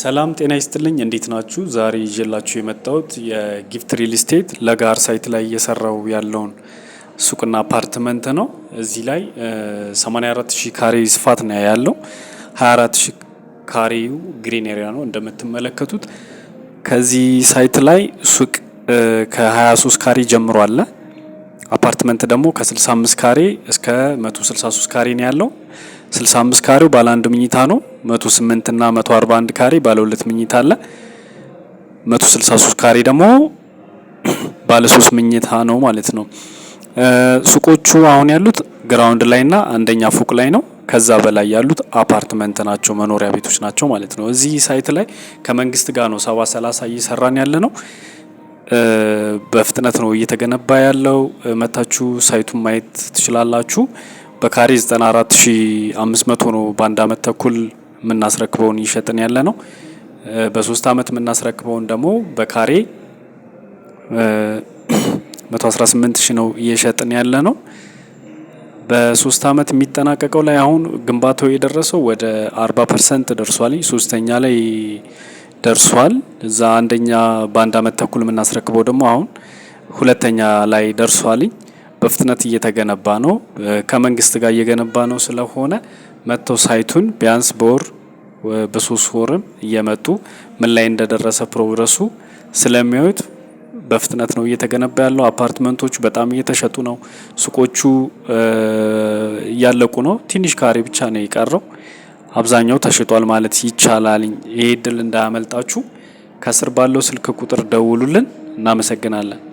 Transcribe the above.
ሰላም ጤና ይስጥልኝ። እንዴት ናችሁ? ዛሬ ይዤላችሁ የመጣሁት የጊፍት ሪል ስቴት ለጋር ሳይት ላይ እየሰራው ያለውን ሱቅና አፓርትመንት ነው። እዚህ ላይ 84 ሺህ ካሬ ስፋት ነው ያለው። 24 ሺህ ካሬው ግሪን ኤሪያ ነው እንደምትመለከቱት። ከዚህ ሳይት ላይ ሱቅ ከ23 ካሬ ጀምሮ አለ። አፓርትመንት ደግሞ ከ65 ካሬ እስከ 163 ካሬ ነው ያለው። 65 ካሬው ባለ አንድ ምኝታ ነው። 108 እና 141 ካሬ ባለ ሁለት ምኝታ አለ። 163 ካሬ ደግሞ ባለ ሶስት ምኝታ ነው ማለት ነው። ሱቆቹ አሁን ያሉት ግራውንድ ላይና አንደኛ ፎቅ ላይ ነው። ከዛ በላይ ያሉት አፓርትመንት ናቸው፣ መኖሪያ ቤቶች ናቸው ማለት ነው። እዚህ ሳይት ላይ ከመንግስት ጋር ነው ሰባ ሰላሳ እየሰራን ያለ ነው። በፍጥነት ነው እየተገነባ ያለው። መታችሁ ሳይቱን ማየት ትችላላችሁ። በካሬ 94500 ነው። በአንድ አመት ተኩል የምናስረክበውን ይሸጥን ያለ ነው። በሶስት አመት የምናስረክበውን ደግሞ በካሬ 118 ሺ ነው እየሸጥን ያለ ነው። በሶስት አመት የሚጠናቀቀው ላይ አሁን ግንባታው የደረሰው ወደ 40 ፐርሰንት ደርሷል። ሶስተኛ ላይ ደርሷል። እዛ አንደኛ በአንድ አመት ተኩል የምናስረክበው ደግሞ አሁን ሁለተኛ ላይ ደርሷልኝ። በፍጥነት እየተገነባ ነው። ከመንግስት ጋር እየገነባ ነው። ስለሆነ መጥተው ሳይቱን ቢያንስ በወር በሶስት ወርም እየመጡ ምን ላይ እንደደረሰ ፕሮግረሱ ስለሚያዩት በፍጥነት ነው እየተገነባ ያለው። አፓርትመንቶቹ በጣም እየተሸጡ ነው። ሱቆቹ እያለቁ ነው። ትንሽ ካሬ ብቻ ነው የቀረው። አብዛኛው ተሽጧል ማለት ይቻላል። ይሄ እድል እንዳያመልጣችሁ። ከስር ባለው ስልክ ቁጥር ደውሉልን። እናመሰግናለን።